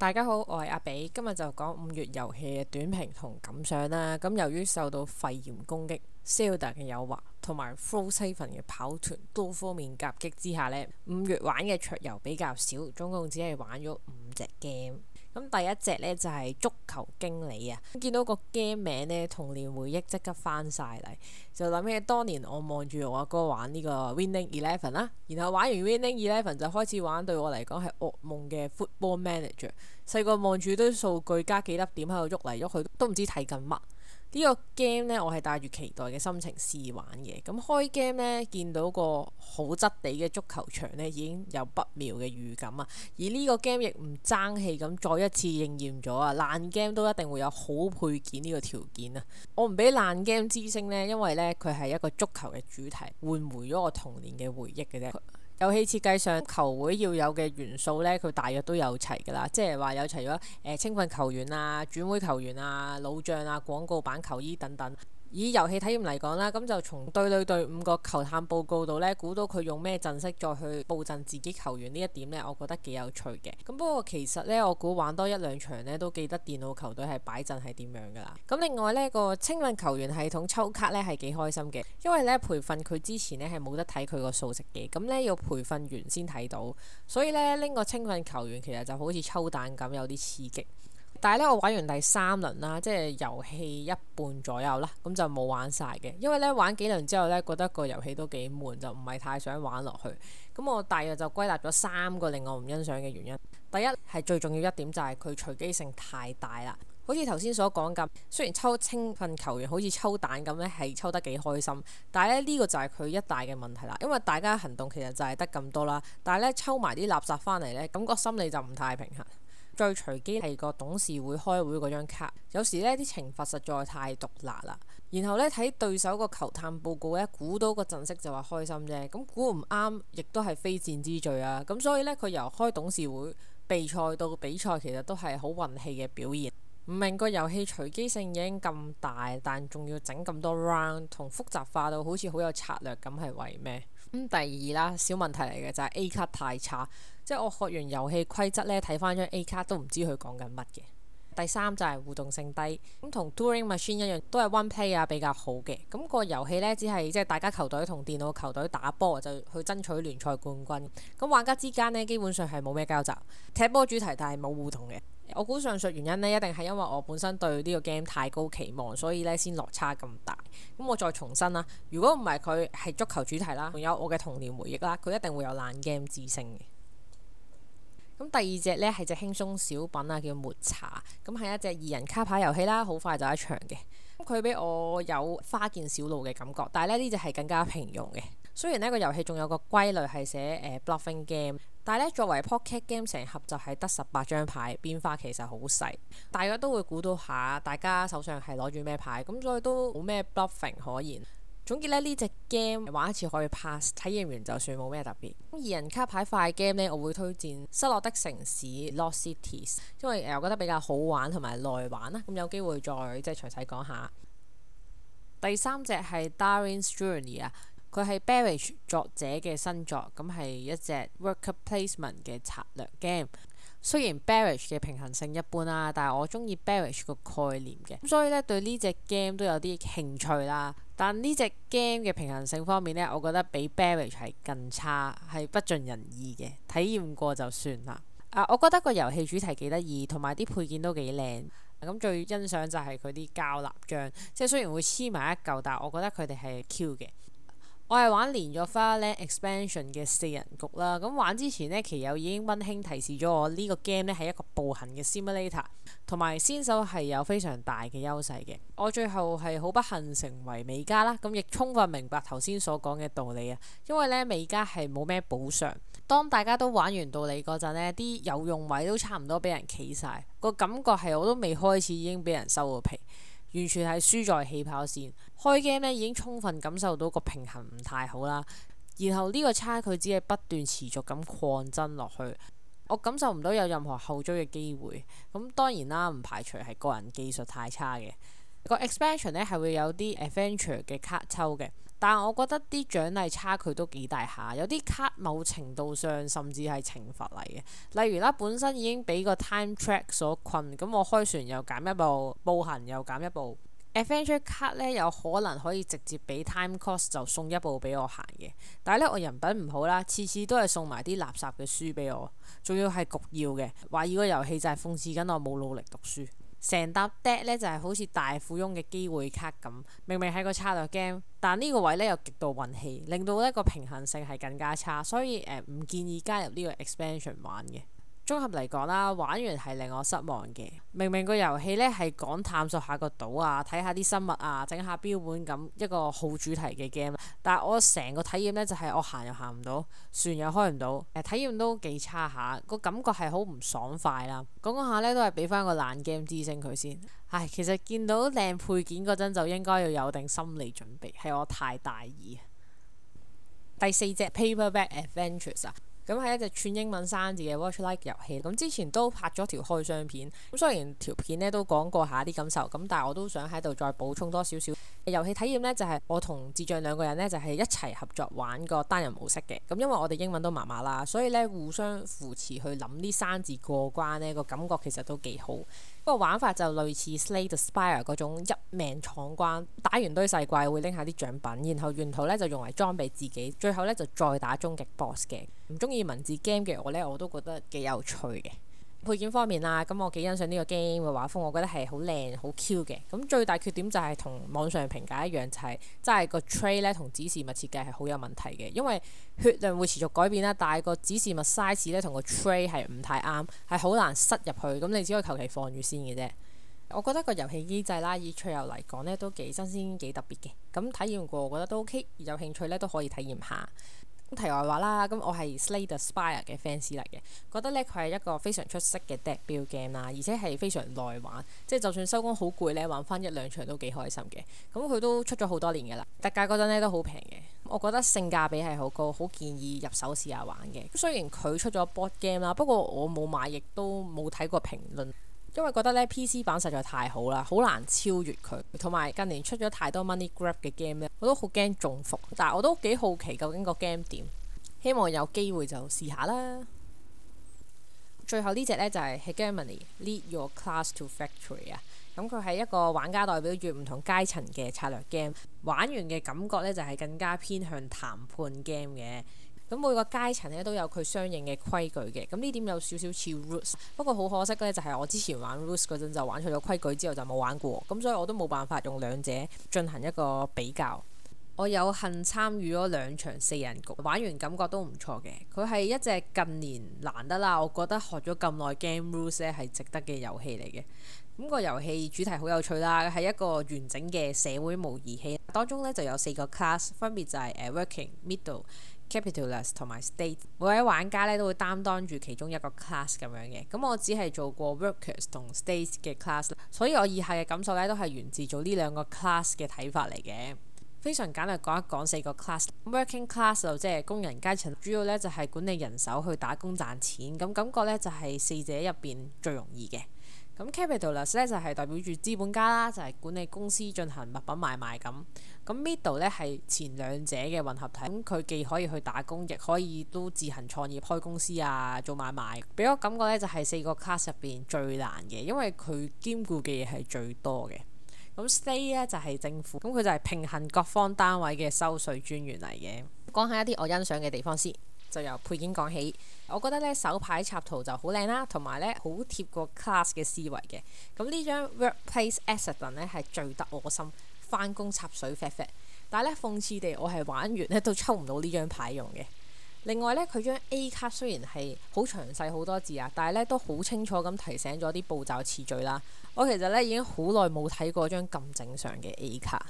大家好，我係阿比，今日就講五月遊戲嘅短評同感想啦。咁由於受到肺炎攻擊、《Selda》嘅誘惑同埋《Frozen》嘅跑團多方面夾擊之下呢，五月玩嘅桌遊比較少，總共只係玩咗五隻 game。咁第一隻呢就係足球經理啊，見到個 game 名呢，童年回憶即刻翻晒嚟，就諗起當年我望住我阿哥玩呢個 Winning Eleven 啦，然後玩完 Winning Eleven 就開始玩對我嚟講係噩夢嘅 Football Manager，細個望住堆數據加幾粒點喺度喐嚟喐去，都唔知睇緊乜。呢個 game 呢，我係帶住期待嘅心情試玩嘅。咁開 game 呢，見到個好質地嘅足球場呢，已經有不妙嘅預感啊。而呢個 game 亦唔爭氣咁，再一次應驗咗啊！爛 game 都一定會有好配件呢個條件啊。我唔俾爛 game 之星呢，因為呢，佢係一個足球嘅主題，喚回咗我童年嘅回憶嘅啫。遊戲設計上，球會要有嘅元素呢，佢大約都有齊㗎啦，即係話有齊咗、呃、青訓球員啊、轉會球員啊、老將啊、廣告版球衣等等。以遊戲體驗嚟講啦，咁就從對隊裏隊五個球探報告度呢，估到佢用咩陣式再去佈陣自己球員呢一點呢，我覺得幾有趣嘅。咁不過其實呢，我估玩多一兩場呢，都記得電腦球隊係擺陣係點樣噶啦。咁另外呢，個青訓球員系統抽卡呢，係幾開心嘅，因為呢培訓佢之前呢，係冇得睇佢個數值嘅，咁呢，要培訓完先睇到，所以呢，拎個青訓球員其實就好似抽蛋咁，有啲刺激。但係呢，我玩完第三輪啦，即係遊戲一半左右啦，咁就冇玩晒嘅，因為呢，玩幾輪之後呢，覺得個遊戲都幾悶，就唔係太想玩落去。咁我大約就歸納咗三個令我唔欣賞嘅原因。第一係最重要一點就係佢隨機性太大啦，好似頭先所講咁。雖然抽青訓球員好似抽蛋咁呢，係抽得幾開心，但係呢，呢個就係佢一大嘅問題啦。因為大家行動其實就係得咁多啦，但係呢，抽埋啲垃圾翻嚟呢，感覺心理就唔太平衡。最隨機係個董事會開會嗰張卡，有時呢啲懲罰實在太毒辣啦。然後呢，睇對手個球探報告呢，估到個陣式就話開心啫。咁估唔啱，亦都係非戰之罪啊。咁所以呢，佢由開董事會備賽到比賽，其實都係好運氣嘅表現。唔明個遊戲隨機性已經咁大，但仲要整咁多 round 同複雜化到好似好有策略咁，係為咩？咁第二啦，小問題嚟嘅就係、是、A 卡太差，即係我學完遊戲規則呢，睇翻張 A 卡都唔知佢講緊乜嘅。第三就係、是、互動性低，咁同 Turing Machine 一樣，都係 One Play 啊，比較好嘅。咁、那個遊戲呢，只係即係大家球隊同電腦球隊打波就去爭取聯賽冠軍。咁玩家之間呢，基本上係冇咩交集，踢波主題但係冇互動嘅。我估上述原因呢，一定係因為我本身對呢個 game 太高期望，所以呢先落差咁大。咁我再重申啦，如果唔係佢係足球主題啦，仲有我嘅童年回憶啦，佢一定會有爛 game 之稱嘅。咁第二隻呢，係隻輕鬆小品啊，叫抹茶，咁係一隻二人卡牌遊戲啦，好快就一場嘅。咁佢俾我有花見小路嘅感覺，但係咧呢隻係、這個、更加平庸嘅。雖然呢、這個遊戲仲有個歸類係寫、呃、bluffing game。但係咧，作為 Pocket Game 成盒就係得十八張牌，變化其實好細，大家都會估到下，大家手上係攞住咩牌，咁所以都冇咩 Bluffing 可言。總結咧，呢隻 game 玩一次可以 pass，體驗完就算冇咩特別。咁二人卡牌快 game 呢，我會推薦失落的城市 Lost Cities，因為我覺得比較好玩同埋耐玩啦。咁有機會再即係詳細講下。第三隻係 Darwin's Journey 啊。佢係 Barrage 作者嘅新作，咁係一隻 Worker Placement 嘅策略 game。雖然 Barrage 嘅平衡性一般啦，但係我中意 Barrage 個概念嘅，所以呢對呢隻 game 都有啲興趣啦。但呢隻 game 嘅平衡性方面呢，我覺得比 Barrage 係更差，係不盡人意嘅。體驗過就算啦。啊，我覺得個遊戲主題幾得意，同埋啲配件都幾靚。咁最欣賞就係佢啲膠立漿，即係雖然會黐埋一嚿，但係我覺得佢哋係 Q 嘅。我係玩連咗 Farland Expansion 嘅四人局啦，咁玩之前呢，棋友已經温馨提示咗我呢個 game 呢係一個步行嘅 simulator，同埋先手係有非常大嘅優勢嘅。我最後係好不幸成為尾家啦，咁亦充分明白頭先所講嘅道理啊。因為呢，尾家係冇咩補償，當大家都玩完到你嗰陣呢，啲有用位都差唔多俾人企晒，個感覺係我都未開始已經俾人收咗皮。完全係輸在起跑線，開 game 呢已經充分感受到個平衡唔太好啦。然後呢個差距只係不斷持續咁擴增落去，我感受唔到有任何後追嘅機會。咁當然啦，唔排除係個人技術太差嘅。個 expansion 呢係會有啲 adventure 嘅卡抽嘅。但係我覺得啲獎勵差距都幾大下，有啲卡某程度上甚至係懲罰嚟嘅。例如啦，本身已經俾個 time track 所困，咁我開船又減一步，步行又減一步。Adventure 卡呢有可能可以直接俾 time cost 就送一步俾我行嘅，但係呢我人品唔好啦，次次都係送埋啲垃圾嘅書俾我，仲要係焗要嘅，懷疑個遊戲就係諷刺緊我冇努力讀書。成沓 deck 咧就係好似大富翁嘅機會卡咁，明明係個策略 game，但呢個位咧又極度運氣，令到呢個平衡性係更加差，所以誒唔、呃、建議加入呢個 expansion 玩嘅。綜合嚟講啦，玩完係令我失望嘅。明明個遊戲呢係講探索下個島啊，睇下啲生物啊，整下標本咁一個好主題嘅 game，但係我成個體驗呢就係、是、我行又行唔到，船又開唔到，誒、呃、體驗都幾差下，個、啊、感覺係好唔爽快啦。講、那、講、個、下呢都係俾翻個爛 game 之星佢先。唉，其實見到靚配件嗰陣就應該要有定心理準備，係我太大意。第四隻 Paperback Adventures 啊！咁係一隻串英文生字嘅 Watch Like 遊戲，咁之前都拍咗條開箱片，咁雖然條片呢都講過下啲感受，咁但係我都想喺度再補充多少少遊戲體驗呢就係我同智障兩個人呢就係一齊合作玩個單人模式嘅，咁因為我哋英文都麻麻啦，所以呢互相扶持去諗啲生字過關呢個感覺，其實都幾好。不過玩法就類似 Slay the Spire 嗰種一命闖關，打完堆細怪會拎下啲獎品，然後沿途咧就用嚟裝備自己，最後咧就再打終極 boss 嘅。唔中意文字 game 嘅我咧，我都覺得幾有趣嘅。配件方面啊，咁我幾欣賞呢個 game 嘅畫風，我覺得係好靚好 Q 嘅。咁最大缺點就係同網上評價一樣，就係真係個 tray 咧同指示物設計係好有問題嘅，因為血量會持續改變啦，但係個指示物 size 咧同個 tray 係唔太啱，係好難塞入去，咁你只可以求其放住先嘅啫。我覺得個遊戲機制啦，以 tray 嚟講呢都幾新鮮幾特別嘅。咁體驗過，我覺得都 ok，有興趣呢都可以體驗下。題外話啦，咁我係 Slay the Spire 嘅 fans 嚟嘅，覺得呢，佢係一個非常出色嘅 Deck Build game 啦，而且係非常耐玩，即係就算收工好攰呢，玩翻一兩場都幾開心嘅。咁佢都出咗好多年噶啦，特價嗰陣呢都好平嘅，我覺得性價比係好高，好建議入手試下玩嘅。雖然佢出咗 Board Game 啦，不過我冇買，亦都冇睇過評論。因為覺得咧 PC 版實在太好啦，好難超越佢，同埋近年出咗太多 Money Grab 嘅 game 咧，我都好驚中伏，但係我都幾好奇究竟個 game 點，希望有機會就試下啦。最後呢隻呢就係、是、Hegemony，Lead Your Class to Victory 啊，咁佢係一個玩家代表住唔同階層嘅策略 game，玩完嘅感覺呢就係、是、更加偏向談判 game 嘅。咁每個階層咧都有佢相應嘅規矩嘅。咁呢點有少少似 Roots，不過好可惜咧，就係我之前玩 Roots 嗰陣就玩錯咗規矩之後就冇玩過，咁所以我都冇辦法用兩者進行一個比較。我有幸參與咗兩場四人局，玩完感覺都唔錯嘅。佢係一隻近年難得啦，我覺得學咗咁耐 game rules 呢係值得嘅遊戲嚟嘅。咁個遊戲主題好有趣啦，係一個完整嘅社會模擬器，當中呢就有四個 class，分別就係 working middle，capitalist 同埋 state，每位玩家咧都會擔當住其中一個 class 咁樣嘅，咁我只係做過 workers 同 states 嘅 class，所以我以下嘅感受咧都係源自做呢兩個 class 嘅睇法嚟嘅。非常簡略講一講四個 class，working class 就 class，即係工人階層，主要咧就係管理人手去打工賺錢，咁感覺咧就係四者入邊最容易嘅。咁 capitalist 咧就係代表住資本家啦，就係、係、管理公司進行物品買賣咁。咁 middle 咧係前兩者嘅混合體，佢既可以去打工，亦可以都自行創業開公司啊，做買賣。俾我感覺咧就係四個 class 入邊最難嘅，因為佢兼顧嘅嘢係最多嘅。咁 stay 咧就係政府，咁佢就係平衡各方單位嘅收稅專員嚟嘅。講下一啲我欣賞嘅地方先。就由配件講起，我覺得咧手牌插圖就好靚啦，同埋咧好貼個 class 嘅思維嘅。咁呢張 workplace accident 咧係最得我心，翻工插水 fat fat。但係咧諷刺地，我係玩完咧都抽唔到呢張牌用嘅。另外咧，佢張 A 卡雖然係好詳細好多字啊，但係咧都好清楚咁提醒咗啲步驟次序啦。我其實咧已經好耐冇睇過張咁正常嘅 A 卡。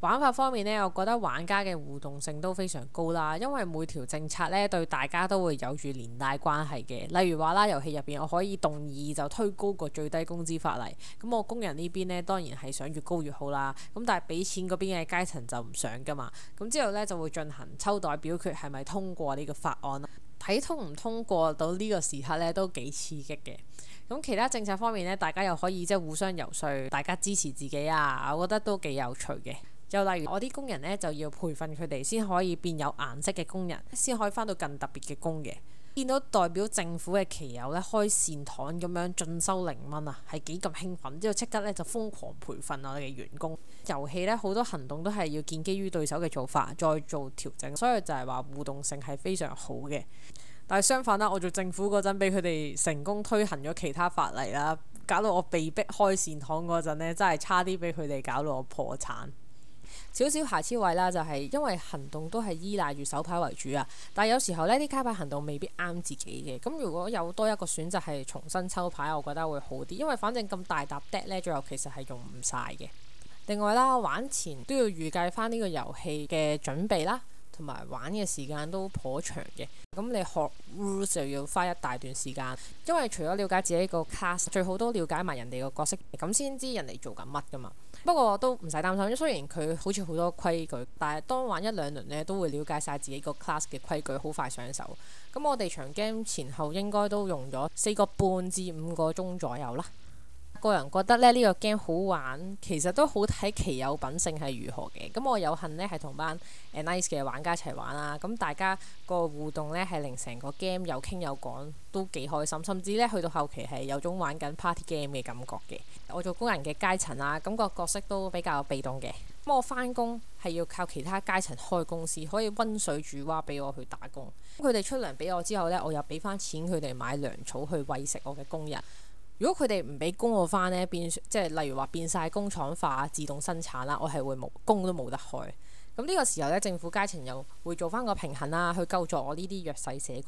玩法方面呢，我覺得玩家嘅互動性都非常高啦。因為每條政策呢，對大家都會有住連帶關係嘅。例如話啦，遊戲入邊我可以動議就推高個最低工資法例，咁我工人呢邊呢，當然係想越高越好啦。咁但係俾錢嗰邊嘅階層就唔想噶嘛。咁之後呢，就會進行抽代表決係咪通過呢個法案，睇通唔通過到呢個時刻呢，都幾刺激嘅。咁其他政策方面呢，大家又可以即係互相遊說，大家支持自己啊，我覺得都幾有趣嘅。又例如我啲工人呢，就要培訓佢哋先可以變有顏色嘅工人，先可以返到更特別嘅工嘅。見到代表政府嘅棋友呢，開善堂咁樣進收零蚊啊，係幾咁興奮，之後即刻呢，就瘋狂培訓我哋嘅員工。遊戲呢，好多行動都係要建基於對手嘅做法，再做調整，所以就係話互動性係非常好嘅。但係相反啦，我做政府嗰陣俾佢哋成功推行咗其他法例啦，搞到我被逼開善堂嗰陣呢，真係差啲俾佢哋搞到我破產。少少瑕疵位啦，就係、是、因為行動都係依賴住手牌為主啊。但係有時候呢啲卡牌行動未必啱自己嘅。咁如果有多一個選擇係重新抽牌，我覺得會好啲，因為反正咁大沓 deck 呢，最後其實係用唔晒嘅。另外啦，玩前都要預計返呢個遊戲嘅準備啦，同埋玩嘅時間都頗長嘅。咁你學 rules 就要花一大段時間，因為除咗了，了解自己個 class，最好都了解埋人哋個角色，咁先知人哋做緊乜㗎嘛。不過都唔使擔心，雖然佢好似好多規矩，但係當玩一兩輪呢，都會了解晒自己個 class 嘅規矩，好快上手。咁我哋場 game 前後應該都用咗四個半至五個鐘左右啦。個人覺得咧，呢、這個 game 好玩，其實都好睇其有品性係如何嘅。咁我有幸呢係同班 nice 嘅、啊、玩家一齊玩啦。咁、啊、大家個互動呢係令成個 game 有傾有講，都幾開心。甚至呢去到後期係有種玩緊 party game 嘅感覺嘅。我做工人嘅階層啦，咁、啊、個角色都比較被動嘅。咁我翻工係要靠其他階層開公司，可以温水煮蛙俾我去打工。佢哋出糧俾我之後呢，我又俾翻錢佢哋買糧草去餵食我嘅工人。如果佢哋唔俾工我翻呢，變即係例如話變晒工廠化、自動生產啦，我係會冇工都冇得開。咁呢個時候呢，政府階層又會做翻個平衡啦，去救助我呢啲弱勢社群。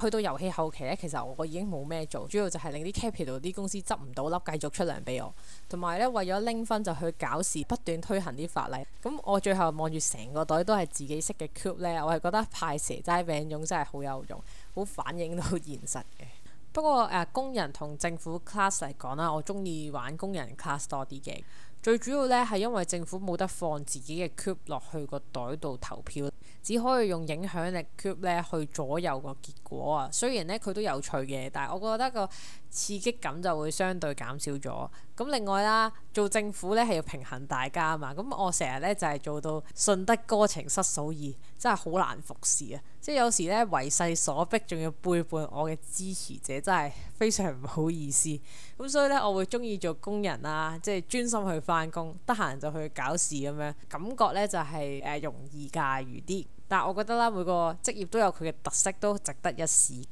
去到遊戲後期呢，其實我已經冇咩做，主要就係令啲 capital 啲公司執唔到粒，繼續出糧俾我。同埋呢，為咗拎分就去搞事，不斷推行啲法例。咁我最後望住成個袋都係自己識嘅 cube 咧，我係覺得派蛇齋餅糭真係好有用，好反映到現實嘅。不過誒、呃，工人同政府 class 嚟講啦，我中意玩工人 class 多啲嘅。最主要呢係因為政府冇得放自己嘅 cube 落去個袋度投票，只可以用影響力 cube 呢去左右個結果啊。雖然呢，佢都有趣嘅，但係我覺得個刺激感就會相對減少咗。咁另外啦，做政府呢係要平衡大家啊嘛。咁我成日呢就係做到順得哥情失嫂意，真係好難服侍啊！即係有時呢，為勢所逼，仲要背叛我嘅支持者，真係非常唔好意思。咁所以呢，我會中意做工人啊，即係專心去翻工，得閒就去搞事咁樣。感覺呢就係誒容易駕馭啲。但係我覺得啦，每個職業都有佢嘅特色，都值得一試。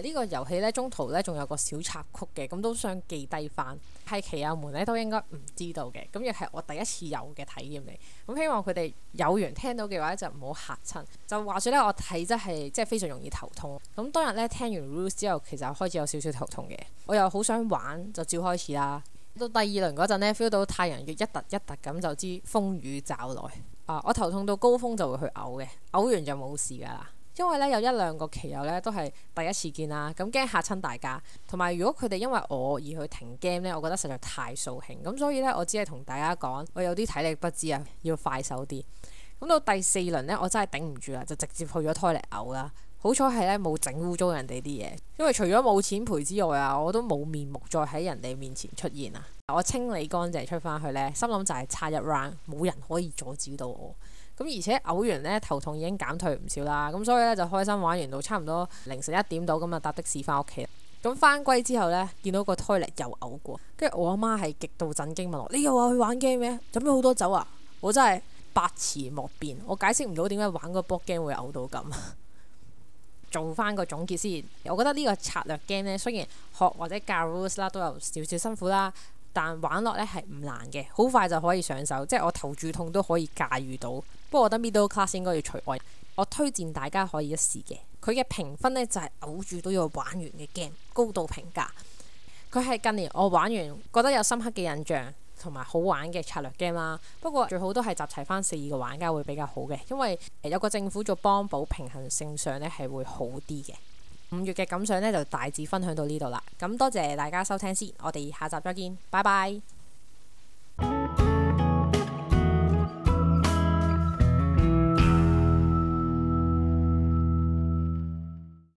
呢個遊戲呢中途呢仲有個小插曲嘅，咁都想記低翻，係奇亞門呢都應該唔知道嘅，咁亦係我第一次有嘅體驗嚟，咁希望佢哋有緣聽到嘅話呢就唔好吓親，就話說呢，我體質係即係非常容易頭痛，咁當日呢，聽完 rules 之後，其實開始有少少頭痛嘅，我又好想玩，就照開始啦，到第二輪嗰陣呢 feel 到太陽穴一突一突咁就知風雨罩來啊，我頭痛到高峰就會去嘔嘅，嘔完就冇事噶啦。因為咧有一兩個棋友咧都係第一次見啦，咁驚嚇親大家。同埋如果佢哋因為我而去停 game 呢，我覺得實在太掃興。咁所以呢，我只係同大家講，我有啲體力不支啊，要快手啲。咁到第四輪呢，我真係頂唔住啦，就直接去咗 toilet 嘔啦。好彩係呢冇整污糟人哋啲嘢，因為除咗冇錢賠之外啊，我都冇面目再喺人哋面前出現啊。我清理乾淨出翻去呢，心諗就係差一 round，冇人可以阻止到我。咁而且嘔完呢，頭痛已經減退唔少啦。咁所以呢，就開心玩完到差唔多凌晨一點到咁啊，搭的士翻屋企。咁翻歸之後呢，見到個 toilet 又嘔過，跟住我阿媽係極度震驚，問我：你又話去玩 game 咩？飲咗好多酒啊！我真係百辭莫辯，我解釋唔到點解玩個波 game 會嘔到咁。 做翻個總結先，我覺得呢個策略 game 呢，雖然學或者教 rules 啦都有少少辛苦啦，但玩落呢係唔難嘅，好快就可以上手。即係我頭住痛都可以駕馭到。不過我覺得《Middle Class》應該要除外，我推薦大家可以一試嘅。佢嘅評分呢就係咬住都要玩完嘅 game，高度評價。佢係近年我玩完覺得有深刻嘅印象同埋好玩嘅策略 game 啦。不過最好都係集齊翻四二個玩家會比較好嘅，因為有個政府做幫補，平衡性上呢係會好啲嘅。五月嘅感想呢就大致分享到呢度啦。咁多謝大家收聽先，我哋下集再見，拜拜。